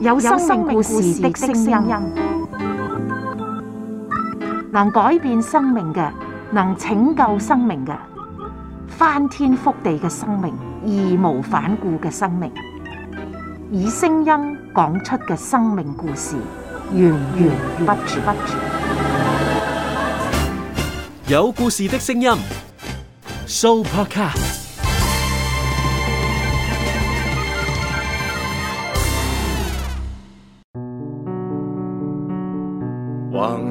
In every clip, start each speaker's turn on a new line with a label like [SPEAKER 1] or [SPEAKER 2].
[SPEAKER 1] 有生命故事的聲音，能改變生命嘅，能拯救生命嘅，翻天覆地嘅生命，義無反顧嘅生命，以聲音講出嘅生命故事，源源不絕。有故事的聲音，Soupercast。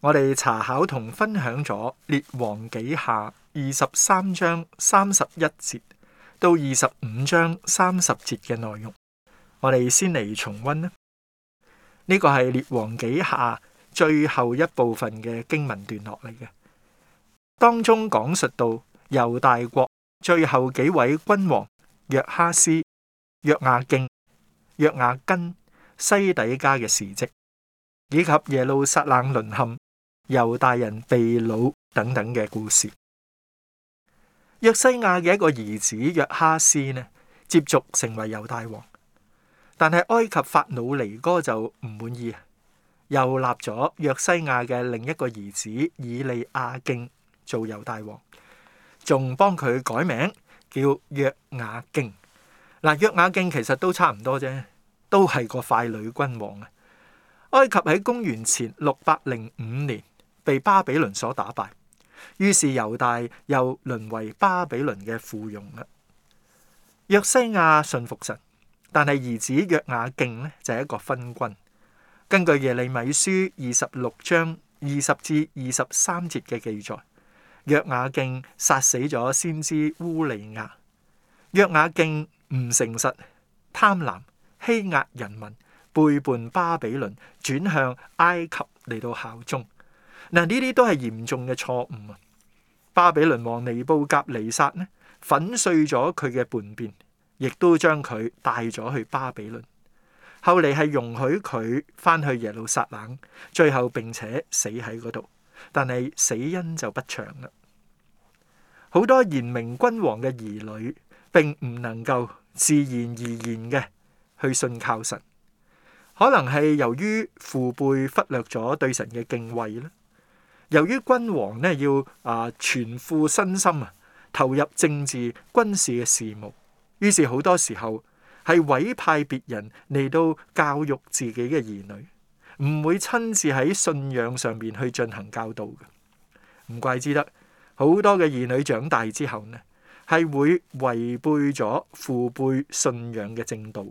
[SPEAKER 1] 我哋查考同分享咗《列王紀下》二十三章三十一節到二十五章三十節嘅內容，我哋先嚟重溫啦。呢個係《列王紀下》最後一部分嘅經文段落嚟嘅，當中講述到猶大國最後幾位君王約哈斯、約雅敬、約雅斤、西底家嘅事迹，以及耶路撒冷淪陷。猶大人被擄等等嘅故事。約西亞嘅一個兒子約哈斯呢，接續成為猶大王，但係埃及法老尼哥就唔滿意，又立咗約西亞嘅另一個兒子以利亞敬做猶大王，仲幫佢改名叫約雅敬。嗱，約雅敬其實都差唔多啫，都係個傀儡君王啊。埃及喺公元前六百零五年，被巴比倫所打敗，於是猶大又淪為巴比倫嘅附庸啦。約西亞信服神，但係兒子約雅敬呢，就係一個昏君。根據耶利米書二十六章二十至二十三節嘅記載，約雅敬殺死咗先知烏利亞。約雅敬唔誠實、貪婪、欺壓人民、背叛巴比倫，轉向埃及嚟到效忠。嗱，呢啲都係嚴重嘅錯誤啊！巴比倫王尼布甲尼撒呢，粉碎咗佢嘅叛變，亦都將佢帶咗去巴比倫。後嚟係容許佢翻去耶路撒冷，最後並且死喺嗰度。但係死因就不詳啦。好多賢明君王嘅兒女，並唔能夠自然而然嘅去信靠神，可能係由於父輩忽略咗對神嘅敬畏啦。由於君王咧要啊全副身心啊投入政治、軍事嘅事務，於是好多時候係委派別人嚟到教育自己嘅兒女，唔會親自喺信仰上面去進行教導嘅。唔怪之得，好多嘅兒女長大之後呢，係會違背咗父輩信仰嘅正道。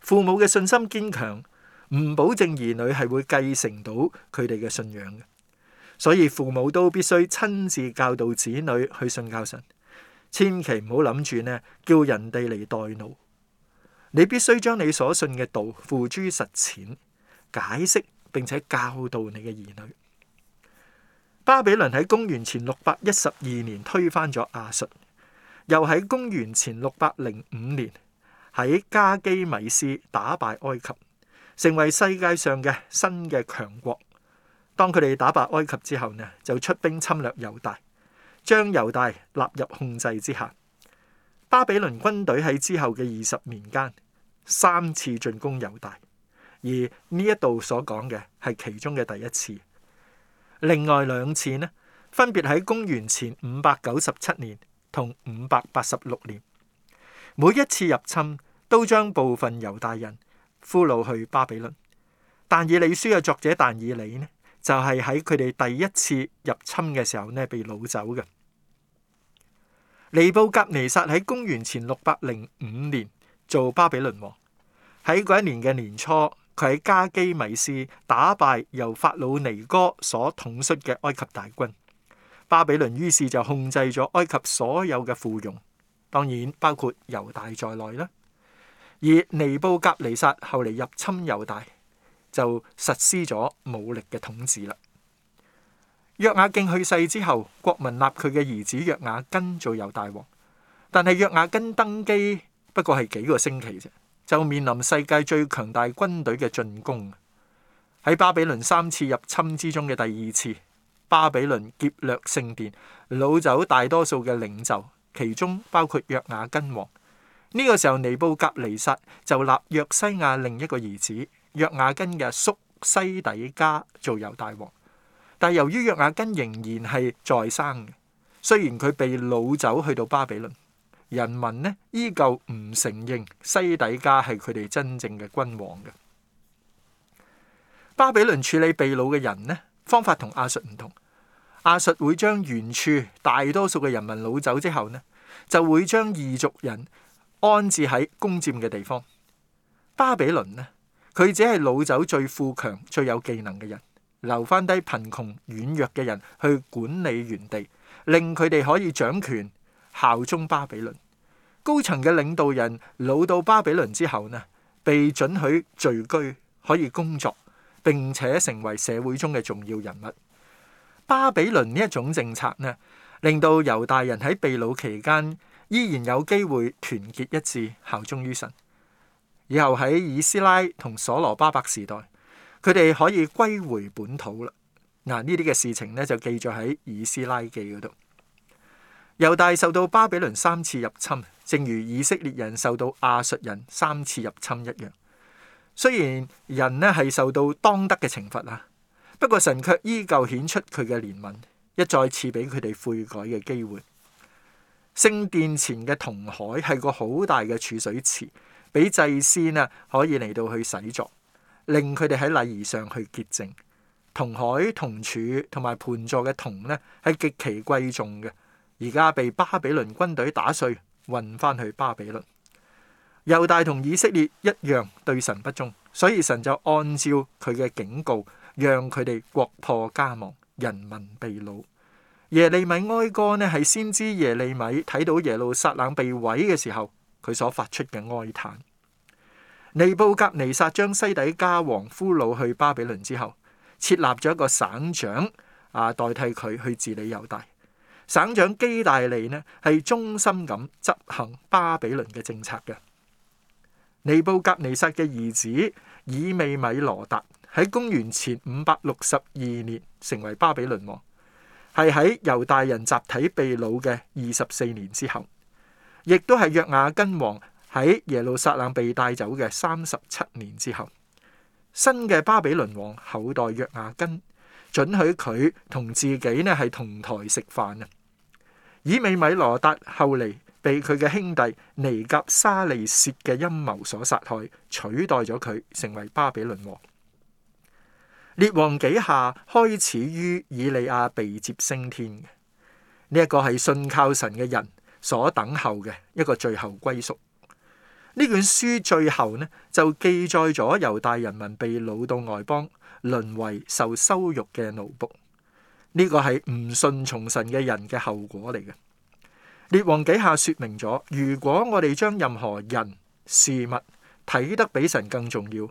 [SPEAKER 1] 父母嘅信心堅強，唔保證兒女係會繼承到佢哋嘅信仰嘅，所以父母都必須親自教導子女去信教神。千祈唔好諗住呢叫人哋嚟代勞，你必須將你所信嘅道付諸實踐，解釋並且教導你嘅兒女。巴比倫喺公元前六百一十二年推翻咗亞述，又喺公元前六百零五年喺加基米斯打敗埃及。成為世界上嘅新嘅強國。當佢哋打敗埃及之後呢，就出兵侵略猶大，將猶大納入控制之下。巴比倫軍隊喺之後嘅二十年間三次進攻猶大，而呢一度所講嘅係其中嘅第一次。另外兩次呢，分別喺公元前五百九十七年同五百八十六年。每一次入侵都將部分猶大人俘虜去巴比倫，但以理書嘅作者但以理呢，就係喺佢哋第一次入侵嘅時候呢，被擄走嘅。尼布甲尼撒喺公元前六百零五年做巴比倫王，喺嗰一年嘅年初，佢喺加基米斯打敗由法老尼哥所統率嘅埃及大軍，巴比倫於是就控制咗埃及所有嘅附庸，當然包括猶大在內啦。而尼布甲尼撒後嚟入侵猶大，就實施咗武力嘅統治啦。約雅敬去世之後，國民立佢嘅兒子約雅斤做猶大王，但係約雅斤登基不過係幾個星期啫，就面臨世界最強大軍隊嘅進攻，喺巴比倫三次入侵之中嘅第二次，巴比倫劫掠聖殿，擄走大多數嘅領袖，其中包括約雅斤王。呢個時候，尼布甲尼撒就立約西亞另一個兒子約雅根嘅叔西底家做猶大王。但由於約雅根仍然係在生嘅，雖然佢被擄走去到巴比倫，人民呢依舊唔承認西底家係佢哋真正嘅君王嘅。巴比倫處理被擄嘅人呢方法同亞述唔同。亞述會將原處大多數嘅人民擄走之後呢，就會將異族人，安置喺攻佔嘅地方。巴比倫呢，佢只係擄走最富強、最有技能嘅人，留翻低貧窮軟弱嘅人去管理原地，令佢哋可以掌權效忠巴比倫。高層嘅領導人擄到巴比倫之後呢，被准許聚居，可以工作，並且成為社會中嘅重要人物。巴比倫呢一種政策呢，令到猶大人喺被擄期間。依然有機會團結一致，效忠於神。以後喺以斯拉同所羅巴伯時代，佢哋可以歸回本土啦。嗱，呢啲嘅事情呢，就記載喺《以斯拉記》嗰度。猶大受到巴比倫三次入侵，正如以色列人受到亞述人三次入侵一樣。雖然人呢係受到當得嘅懲罰啊，不過神卻依舊顯出佢嘅憐憫，一再次俾佢哋悔改嘅機會。聖殿前嘅銅海係個好大嘅儲水池，俾祭司啊可以嚟到去洗濯，令佢哋喺禮儀上去潔淨。銅海、銅柱同埋盤座嘅銅呢，係極其貴重嘅，而家被巴比倫軍隊打碎，運翻去巴比倫。猶大同以色列一樣對神不忠，所以神就按照佢嘅警告，讓佢哋國破家亡，人民被擄。耶利米哀歌咧，係先知耶利米睇到耶路撒冷被毀嘅時候，佢所發出嘅哀嘆。尼布甲尼撒將西底家王俘虜去巴比倫之後，設立咗一個省長啊，代替佢去治理猶大。省長基大利咧，係忠心咁執行巴比倫嘅政策嘅。尼布甲尼撒嘅兒子以未米羅達喺公元前五百六十二年成為巴比倫王。係喺猶大人集體被擄嘅二十四年之後，亦都係約雅斤王喺耶路撒冷被帶走嘅三十七年之後，新嘅巴比倫王後代約雅斤准許佢同自己咧係同台食飯啊！以美米羅達後嚟被佢嘅兄弟尼甲沙利薛嘅陰謀所殺害，取代咗佢成為巴比倫王。列王紀下開始於以利亞被接升天嘅，呢一個係信靠神嘅人所等候嘅一個最後歸屬。呢卷書最後呢就記載咗猶大人民被擄到外邦，淪為受羞辱嘅奴僕。呢個係唔信從神嘅人嘅後果嚟嘅。列王紀下說明咗，如果我哋將任何人事物睇得比神更重要。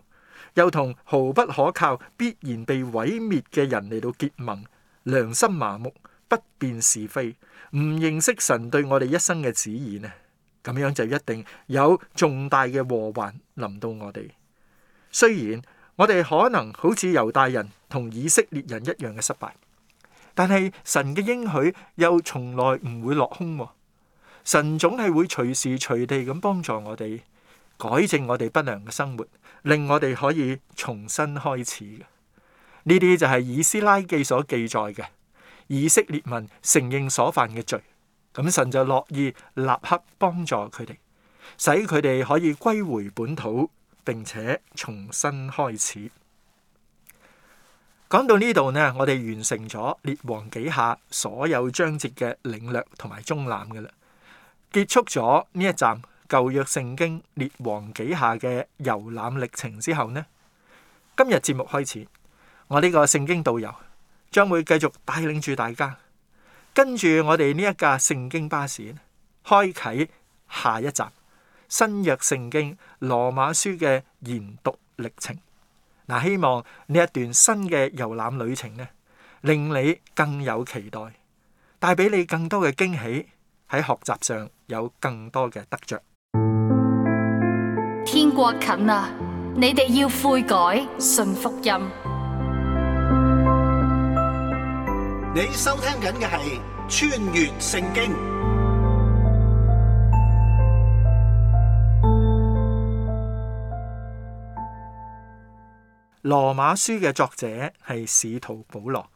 [SPEAKER 1] 又同毫不可靠、必然被毀滅嘅人嚟到結盟，良心麻木、不辨是非、唔認識神對我哋一生嘅指引呢？咁樣就一定有重大嘅禍患臨到我哋。雖然我哋可能好似猶大人同以色列人一樣嘅失敗，但係神嘅應許又從來唔會落空，神總係會隨時隨地咁幫助我哋。改正我哋不良嘅生活，令我哋可以重新開始嘅。呢啲就係以斯拉記所記載嘅，以色列民承認所犯嘅罪，咁神就樂意立刻幫助佢哋，使佢哋可以歸回本土，並且重新開始。講到呢度呢，我哋完成咗列王紀下所有章節嘅領略同埋中覽嘅啦，結束咗呢一站。舊約聖經列王紀下嘅遊覽歷程之後呢，今日節目開始，我呢個聖經導遊將會繼續帶領住大家，跟住我哋呢一架聖經巴士，開啟下一集新約聖經羅馬書嘅研讀歷程。嗱，希望呢一段新嘅遊覽旅程呢，令你更有期待，帶俾你更多嘅驚喜，喺學習上有更多嘅得着。過近啦，你哋要悔改，信福音。你收聽緊嘅係穿越聖經。羅馬書嘅作者係使徒保羅。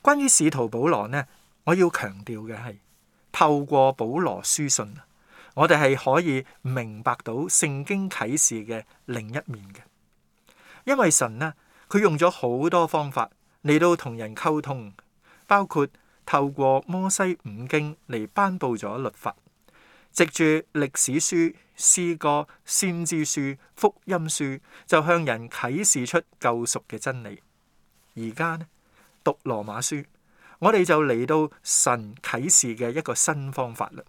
[SPEAKER 1] 關於使徒保羅呢，我要強調嘅係透過保羅書信。我哋係可以明白到聖經啟示嘅另一面嘅，因為神呢，佢用咗好多方法嚟到同人溝通，包括透過摩西五經嚟頒布咗律法，藉住歷史書、詩歌、先知書、福音書，就向人啟示出救贖嘅真理。而家呢，讀羅馬書，我哋就嚟到神啟示嘅一個新方法啦。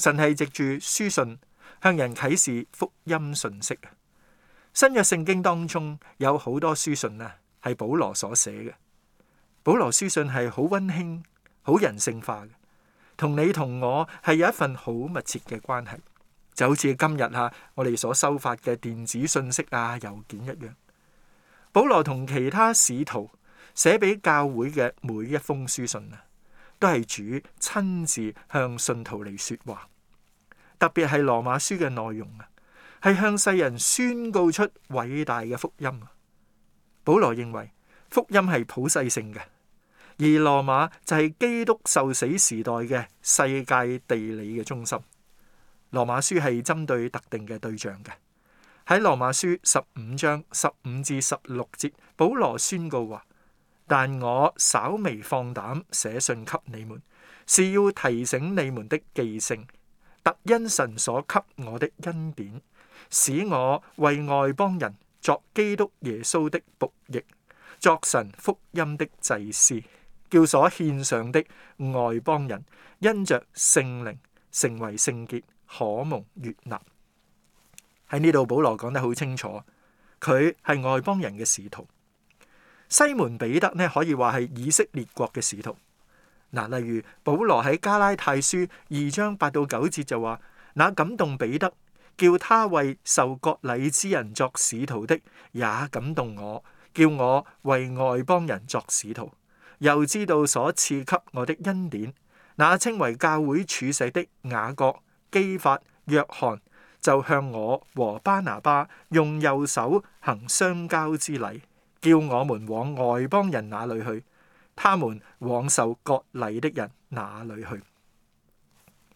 [SPEAKER 1] 神係藉住書信向人啟示福音訊息。新約聖經當中有好多書信啊，係保羅所寫嘅。保羅書信係好溫馨、好人性化嘅，同你同我係有一份好密切嘅關係，就好似今日啊，我哋所收發嘅電子訊息啊、郵件一樣。保羅同其他使徒寫俾教會嘅每一封書信啊，都係主親自向信徒嚟說話。特別係羅馬書嘅內容啊，係向世人宣告出偉大嘅福音啊。保羅認為福音係普世性嘅，而羅馬就係基督受死時代嘅世界地理嘅中心。羅馬書係針對特定嘅對象嘅。喺羅馬書十五章十五至十六節，保羅宣告話：「但我稍微放膽寫信給你們，是要提醒你們的記性。」因神所給我的恩典，使我為外邦人作基督耶穌的僕役，作神福音的祭司，叫所獻上的外邦人因着聖靈成為聖潔，可蒙悦納。喺呢度保羅講得好清楚，佢係外邦人嘅使徒。西門彼得呢，可以話係以色列國嘅使徒。嗱，例如保羅喺加拉太書二章八到九節就話：那感動彼得，叫他為受割禮之人作使徒的，也感動我，叫我為外邦人作使徒。又知道所賜給我的恩典，那稱為教會柱石的雅各、基法、約翰，就向我和巴拿巴用右手行相交之禮，叫我們往外邦人那裏去。他們往受割禮的人哪裏去？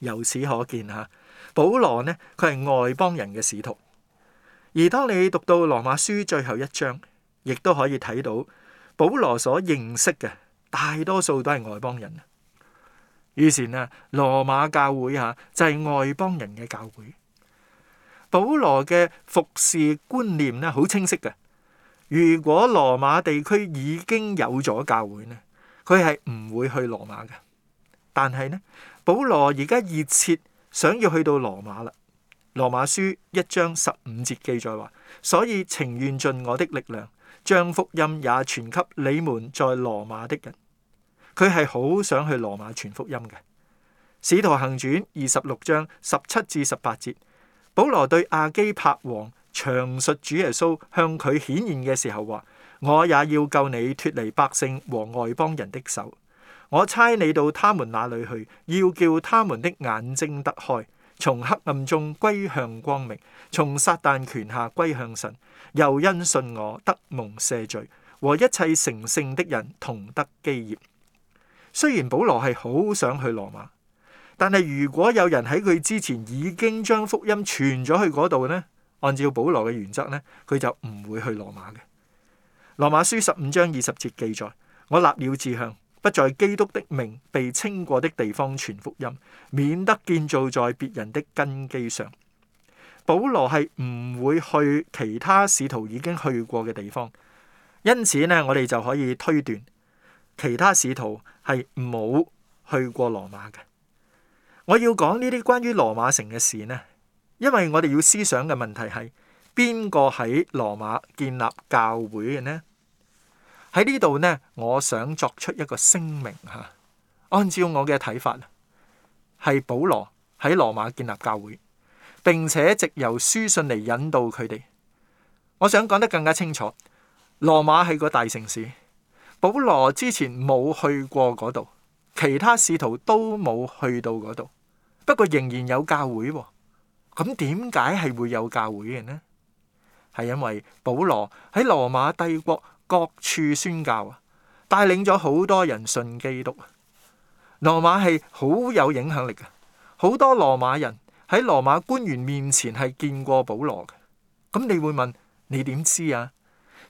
[SPEAKER 1] 由此可見吓，保羅呢，佢係外邦人嘅使徒。而當你讀到羅馬書最後一章，亦都可以睇到保羅所認識嘅大多數都係外邦人。於是啊，羅馬教會吓就係外邦人嘅教會。保羅嘅服侍觀念呢，好清晰嘅。如果羅馬地區已經有咗教會呢，佢係唔會去羅馬嘅。但係呢，保羅而家熱切想要去到羅馬啦。羅馬書一章十五節記載話，所以情願盡我的力量，將福音也傳給你們在羅馬的人。佢係好想去羅馬傳福音嘅。使徒行傳二十六章十七至十八節，保羅對亞基帕王，長述主耶穌向佢顯現嘅時候話：，我也要救你脱離百姓和外邦人的手。我差你到他們那裏去，要叫他們的眼睛得開，從黑暗中歸向光明，從撒但權下歸向神。又因信我得蒙赦罪，和一切成聖的人同得基業。雖然保羅係好想去羅馬，但係如果有人喺佢之前已經將福音傳咗去嗰度呢？按照保羅嘅原則呢，佢就唔會去羅馬嘅。羅馬書十五章二十節記載：我立了志向，不在基督的名被稱過的地方傳福音，免得建造在別人的根基上。保羅係唔會去其他使徒已經去過嘅地方，因此呢，我哋就可以推斷，其他使徒係冇去過羅馬嘅。我要講呢啲關於羅馬城嘅事呢？因為我哋要思想嘅問題係邊個喺羅馬建立教會嘅呢？喺呢度呢，我想作出一個聲明吓。按照我嘅睇法，係保羅喺羅馬建立教會，並且藉由書信嚟引導佢哋。我想講得更加清楚，羅馬係個大城市，保羅之前冇去過嗰度，其他使徒都冇去到嗰度，不過仍然有教會喎。咁點解係會有教會嘅呢？係因為保羅喺羅馬帝國各處宣教啊，帶領咗好多人信基督啊。羅馬係好有影響力嘅，好多羅馬人喺羅馬官員面前係見過保羅嘅。咁你會問，你點知啊？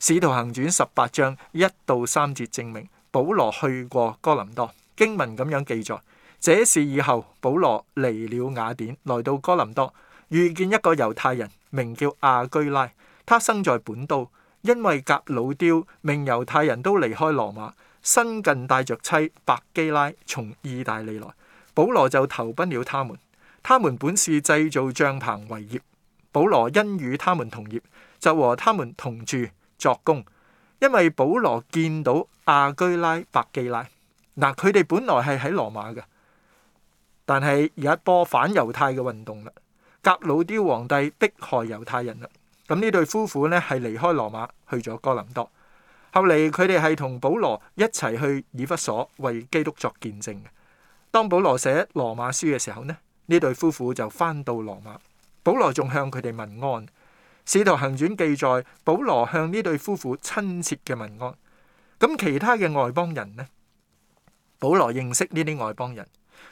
[SPEAKER 1] 使徒行傳十八章一到三節證明保羅去過哥林多，經文咁樣記載。這事以後，保羅嚟了雅典，來到哥林多。遇見一個猶太人，名叫亞居拉，他生在本都，因為革老丟命猶太人都離開羅馬，新近帶着妻白基拉從意大利來，保羅就投奔了他們。他們本是製造帳篷為業，保羅因與他們同業，就和他們同住作工。因為保羅見到亞居拉、白基拉，嗱，佢哋本來係喺羅馬㗎，但係有一波反猶太嘅運動啦。格老雕皇帝迫害猶太人啦，咁呢對夫婦呢係離開羅馬去咗哥林多，後嚟佢哋係同保羅一齊去以弗所為基督作見證嘅。當保羅寫羅馬書嘅時候呢，呢對夫婦就翻到羅馬，保羅仲向佢哋問安。使徒行傳記載保羅向呢對夫婦親切嘅問安。咁其他嘅外邦人呢？保羅認識呢啲外邦人，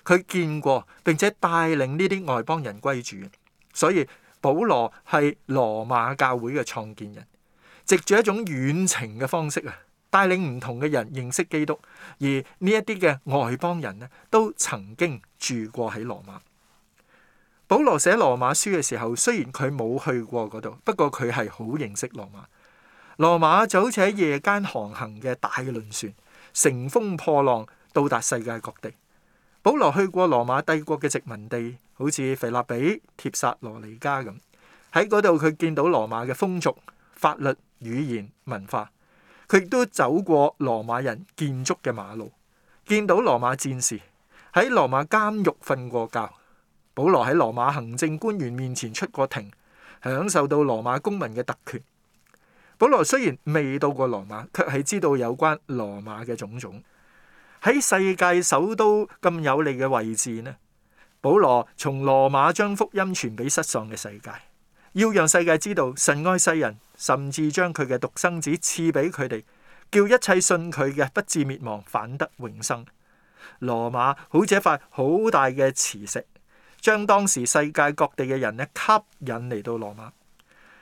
[SPEAKER 1] 佢見過並且帶領呢啲外邦人歸主。所以保羅係羅馬教會嘅創建人，藉住一種遠程嘅方式啊，帶領唔同嘅人認識基督。而呢一啲嘅外邦人呢，都曾經住過喺羅馬。保羅寫羅馬書嘅時候，雖然佢冇去過嗰度，不過佢係好認識羅馬。羅馬就好似喺夜間航行嘅大輪船，乘風破浪到達世界各地。保羅去過羅馬帝國嘅殖民地。好似腓立比、帖撒羅尼加咁，喺嗰度佢見到羅馬嘅風俗、法律、語言、文化。佢亦都走過羅馬人建築嘅馬路，見到羅馬戰士喺羅馬監獄瞓過覺。保羅喺羅馬行政官員面前出過庭，享受到羅馬公民嘅特權。保羅雖然未到過羅馬，卻係知道有關羅馬嘅種種。喺世界首都咁有利嘅位置呢？保羅從羅馬將福音傳俾失喪嘅世界，要讓世界知道神愛世人，甚至將佢嘅獨生子賜俾佢哋，叫一切信佢嘅不至滅亡，反得永生。羅馬好似一塊好大嘅磁石，將當時世界各地嘅人呢吸引嚟到羅馬，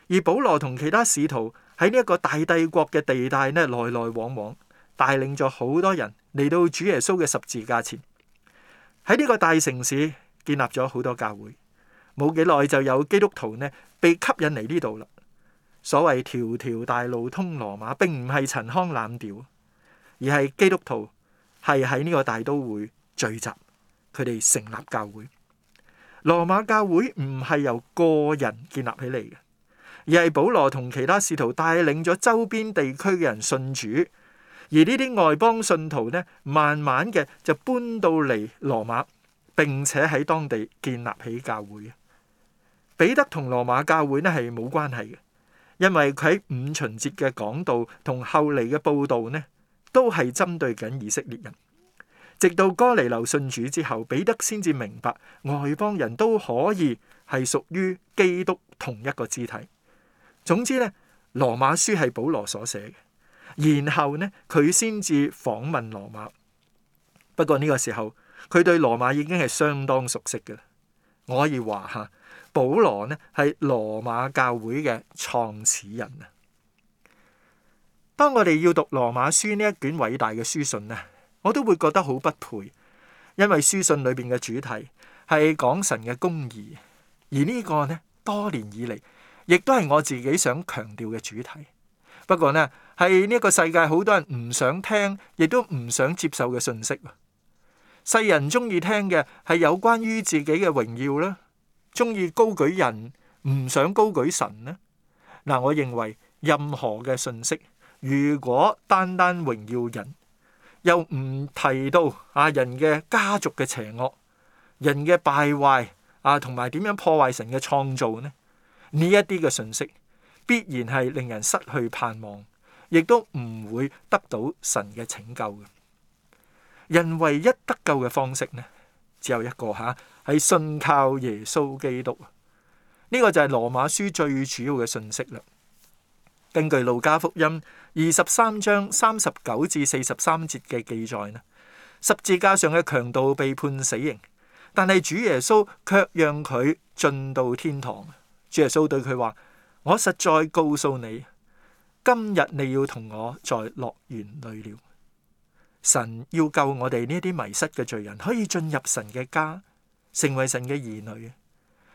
[SPEAKER 1] 而保羅同其他使徒喺呢一個大帝國嘅地帶呢來來往往，帶領咗好多人嚟到主耶穌嘅十字架前。喺呢個大城市。建立咗好多教會，冇幾耐就有基督徒呢被吸引嚟呢度啦。所謂條條大路通羅馬，並唔係陳腔濫調，而係基督徒係喺呢個大都會聚集，佢哋成立教會。羅馬教會唔係由個人建立起嚟嘅，而係保羅同其他使徒帶領咗周邊地區嘅人信主，而呢啲外邦信徒呢，慢慢嘅就搬到嚟羅馬。並且喺當地建立起教會嘅彼得同羅馬教會咧係冇關係嘅。因為佢喺五旬節嘅講道同後嚟嘅佈道咧都係針對緊以色列人。直到哥尼流信主之後，彼得先至明白外邦人都可以係屬於基督同一個肢體。總之咧，羅馬書係保羅所寫嘅，然後咧佢先至訪問羅馬。不過呢個時候，佢對羅馬已經係相當熟悉嘅，我可以話吓，保羅呢係羅馬教會嘅創始人啊！當我哋要讀《羅馬書》呢一卷偉大嘅書信呢，我都會覺得好不配，因為書信裏邊嘅主題係講神嘅公義，而呢個呢多年以嚟，亦都係我自己想強調嘅主題。不過呢，係呢個世界好多人唔想聽，亦都唔想接受嘅信息。世人中意聽嘅係有關於自己嘅榮耀啦，中意高舉人，唔想高舉神呢？嗱，我認為任何嘅信息，如果單單榮耀人，又唔提到啊人嘅家族嘅邪惡、人嘅敗壞啊，同埋點樣破壞神嘅創造呢？呢一啲嘅信息必然係令人失去盼望，亦都唔會得到神嘅拯救嘅。人唯一得救嘅方式呢，只有一個吓，係信靠耶穌基督。呢個就係羅馬書最主要嘅信息啦。根據路加福音二十三章三十九至四十三節嘅記載呢，十字架上嘅強盜被判死刑，但係主耶穌卻讓佢進到天堂。主耶穌對佢話：我實在告訴你，今日你要同我在樂園裏了。神要救我哋呢啲迷失嘅罪人，可以進入神嘅家，成為神嘅兒女。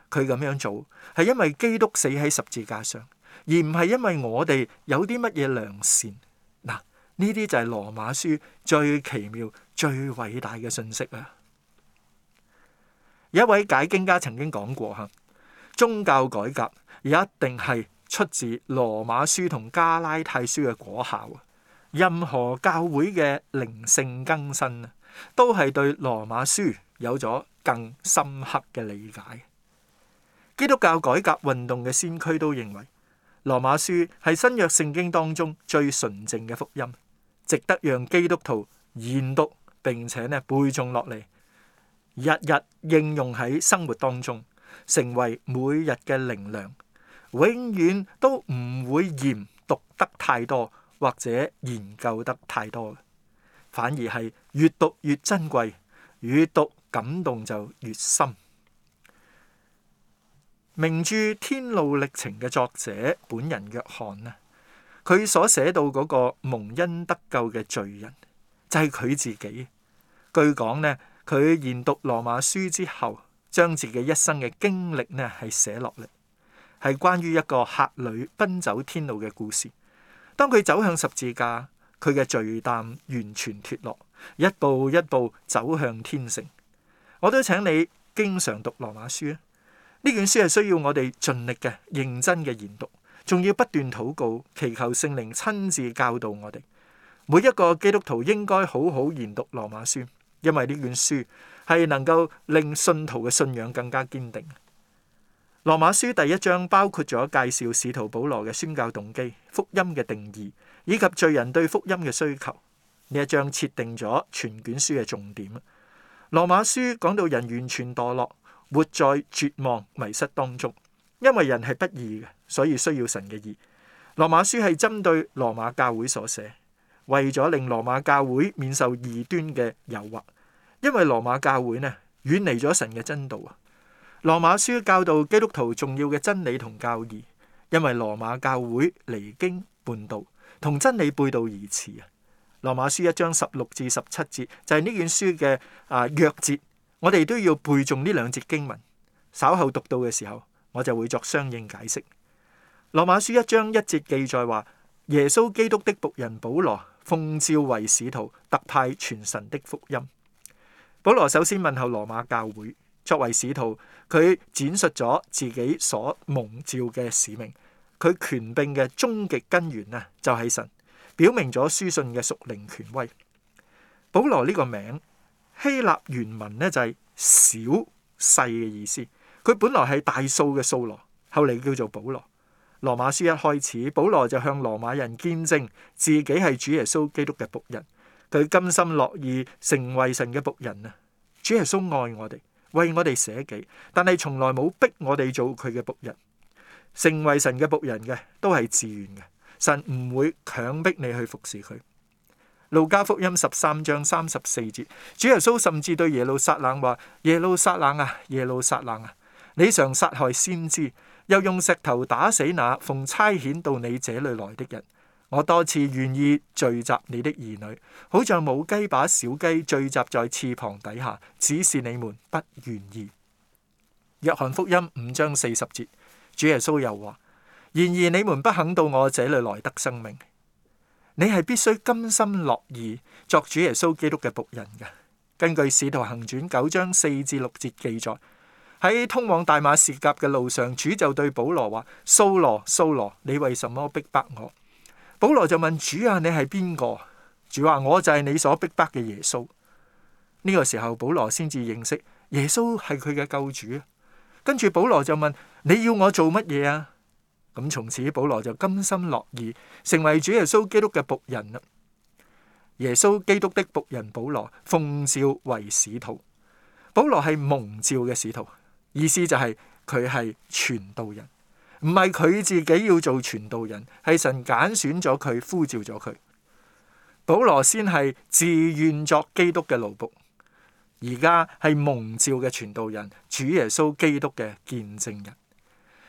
[SPEAKER 1] 佢咁樣做係因為基督死喺十字架上，而唔係因為我哋有啲乜嘢良善。嗱，呢啲就係羅馬書最奇妙、最偉大嘅信息啦。有一位解經家曾經講過吓：宗教改革一定係出自羅馬書同加拉太書嘅果效。任何教會嘅靈性更新啊，都係對羅馬書有咗更深刻嘅理解。基督教改革運動嘅先驅都認為，羅馬書係新約聖經當中最純正嘅福音，值得讓基督徒研讀並且咧背誦落嚟，日日應用喺生活當中，成為每日嘅靈糧，永遠都唔會嫌讀得太多。或者研究得太多，反而係越讀越珍貴，越讀感動就越深。名著《天路歷程》嘅作者本人約翰呢，佢所寫到嗰個蒙恩得救嘅罪人就係、是、佢自己。據講呢，佢研讀羅馬書之後將自己一生嘅經歷呢係寫落嚟，係關於一個客旅奔走天路嘅故事。當佢走向十字架，佢嘅罪擔完全脫落，一步一步走向天城。我都請你經常讀羅馬書啊！呢卷書係需要我哋盡力嘅認真嘅研讀，仲要不斷禱告，祈求聖靈親自教導我哋。每一個基督徒應該好好研讀羅馬書，因為呢卷書係能夠令信徒嘅信仰更加堅定。羅馬書第一章包括咗介紹使徒保羅嘅宣教動機、福音嘅定義，以及罪人對福音嘅需求。呢一章設定咗全卷書嘅重點。羅馬書講到人完全墮落，活在絕望迷失當中，因為人係不義嘅，所以需要神嘅義。羅馬書係針對羅馬教會所寫，為咗令羅馬教會免受異端嘅誘惑，因為羅馬教會呢遠離咗神嘅真道啊。羅馬書教導基督徒重要嘅真理同教義，因為羅馬教會離經叛道，同真理背道而馳啊！羅馬書一章十六至十七節就係呢卷書嘅啊約節，我哋都要背誦呢兩節經文。稍後讀到嘅時候，我就會作相應解釋。羅馬書一章一節記載話，耶穌基督的僕人保羅奉召為使徒，特派傳神的福音。保羅首先問候羅馬教會。作為使徒，佢展述咗自己所蒙召嘅使命，佢權柄嘅終極根源啊，就係神，表明咗書信嘅屬靈權威。保羅呢個名希臘原文咧就係小細嘅意思，佢本來係大數嘅掃羅，後嚟叫做保羅。羅馬書一開始，保羅就向羅馬人見證自己係主耶穌基督嘅僕人，佢甘心樂意成為神嘅僕人啊！主耶穌愛我哋。為我哋捨己，但係從來冇逼我哋做佢嘅僕人，成為神嘅僕人嘅都係自願嘅，神唔會強迫你去服侍佢。路加福音十三章三十四節，主耶穌甚至對耶路撒冷話：耶路撒冷啊，耶路撒冷啊，你常殺害先知，又用石頭打死那奉差遣到你這裏來的人。我多次願意聚集你的兒女，好像母雞把小雞聚集在翅膀底下，只是你們不願意。約翰福音五章四十節，主耶穌又話：然而你們不肯到我這裡來得生命。你係必須甘心樂意作主耶穌基督嘅僕人嘅。根據使徒行傳九章四至六節記載，喺通往大馬士革嘅路上，主就對保羅話：掃羅，掃羅，你為什麼逼迫我？保羅就問，主啊，你係邊個？主話，我就係你所逼迫嘅耶穌。呢個時候保羅先至認識耶穌係佢嘅救主。跟住保羅就問，你要我做乜嘢啊？咁從此保羅就甘心樂意成為主耶穌基督嘅僕人啦。耶穌基督的僕人保羅奉召為使徒。保羅係蒙召嘅使徒，意思就係佢係傳道人。唔係佢自己要做傳道人，係神揀選咗佢，呼召咗佢。保羅先係自願作基督嘅奴僕，而家係蒙召嘅傳道人，主耶穌基督嘅見證人。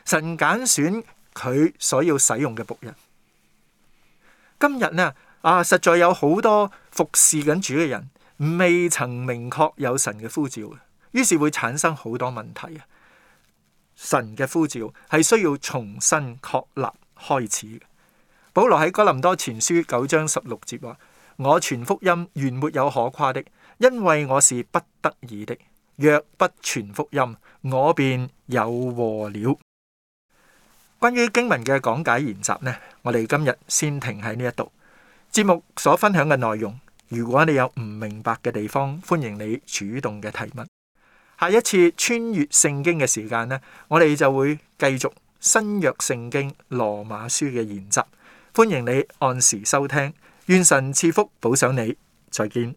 [SPEAKER 1] 神揀選佢所要使用嘅僕人。今日呢，啊，實在有好多服侍緊主嘅人未曾明確有神嘅呼召，於是會產生好多問題啊！神嘅呼召係需要重新確立開始。保羅喺哥林多前書九章十六節話：我傳福音原沒有可誇的，因為我是不得已的。若不傳福音，我便有禍了。關於經文嘅講解研習呢，我哋今日先停喺呢一度。節目所分享嘅內容，如果你有唔明白嘅地方，歡迎你主動嘅提問。下一次穿越聖經嘅時間咧，我哋就會繼續新約聖經《羅馬書》嘅研習。歡迎你按時收聽，願神賜福保守你。再見。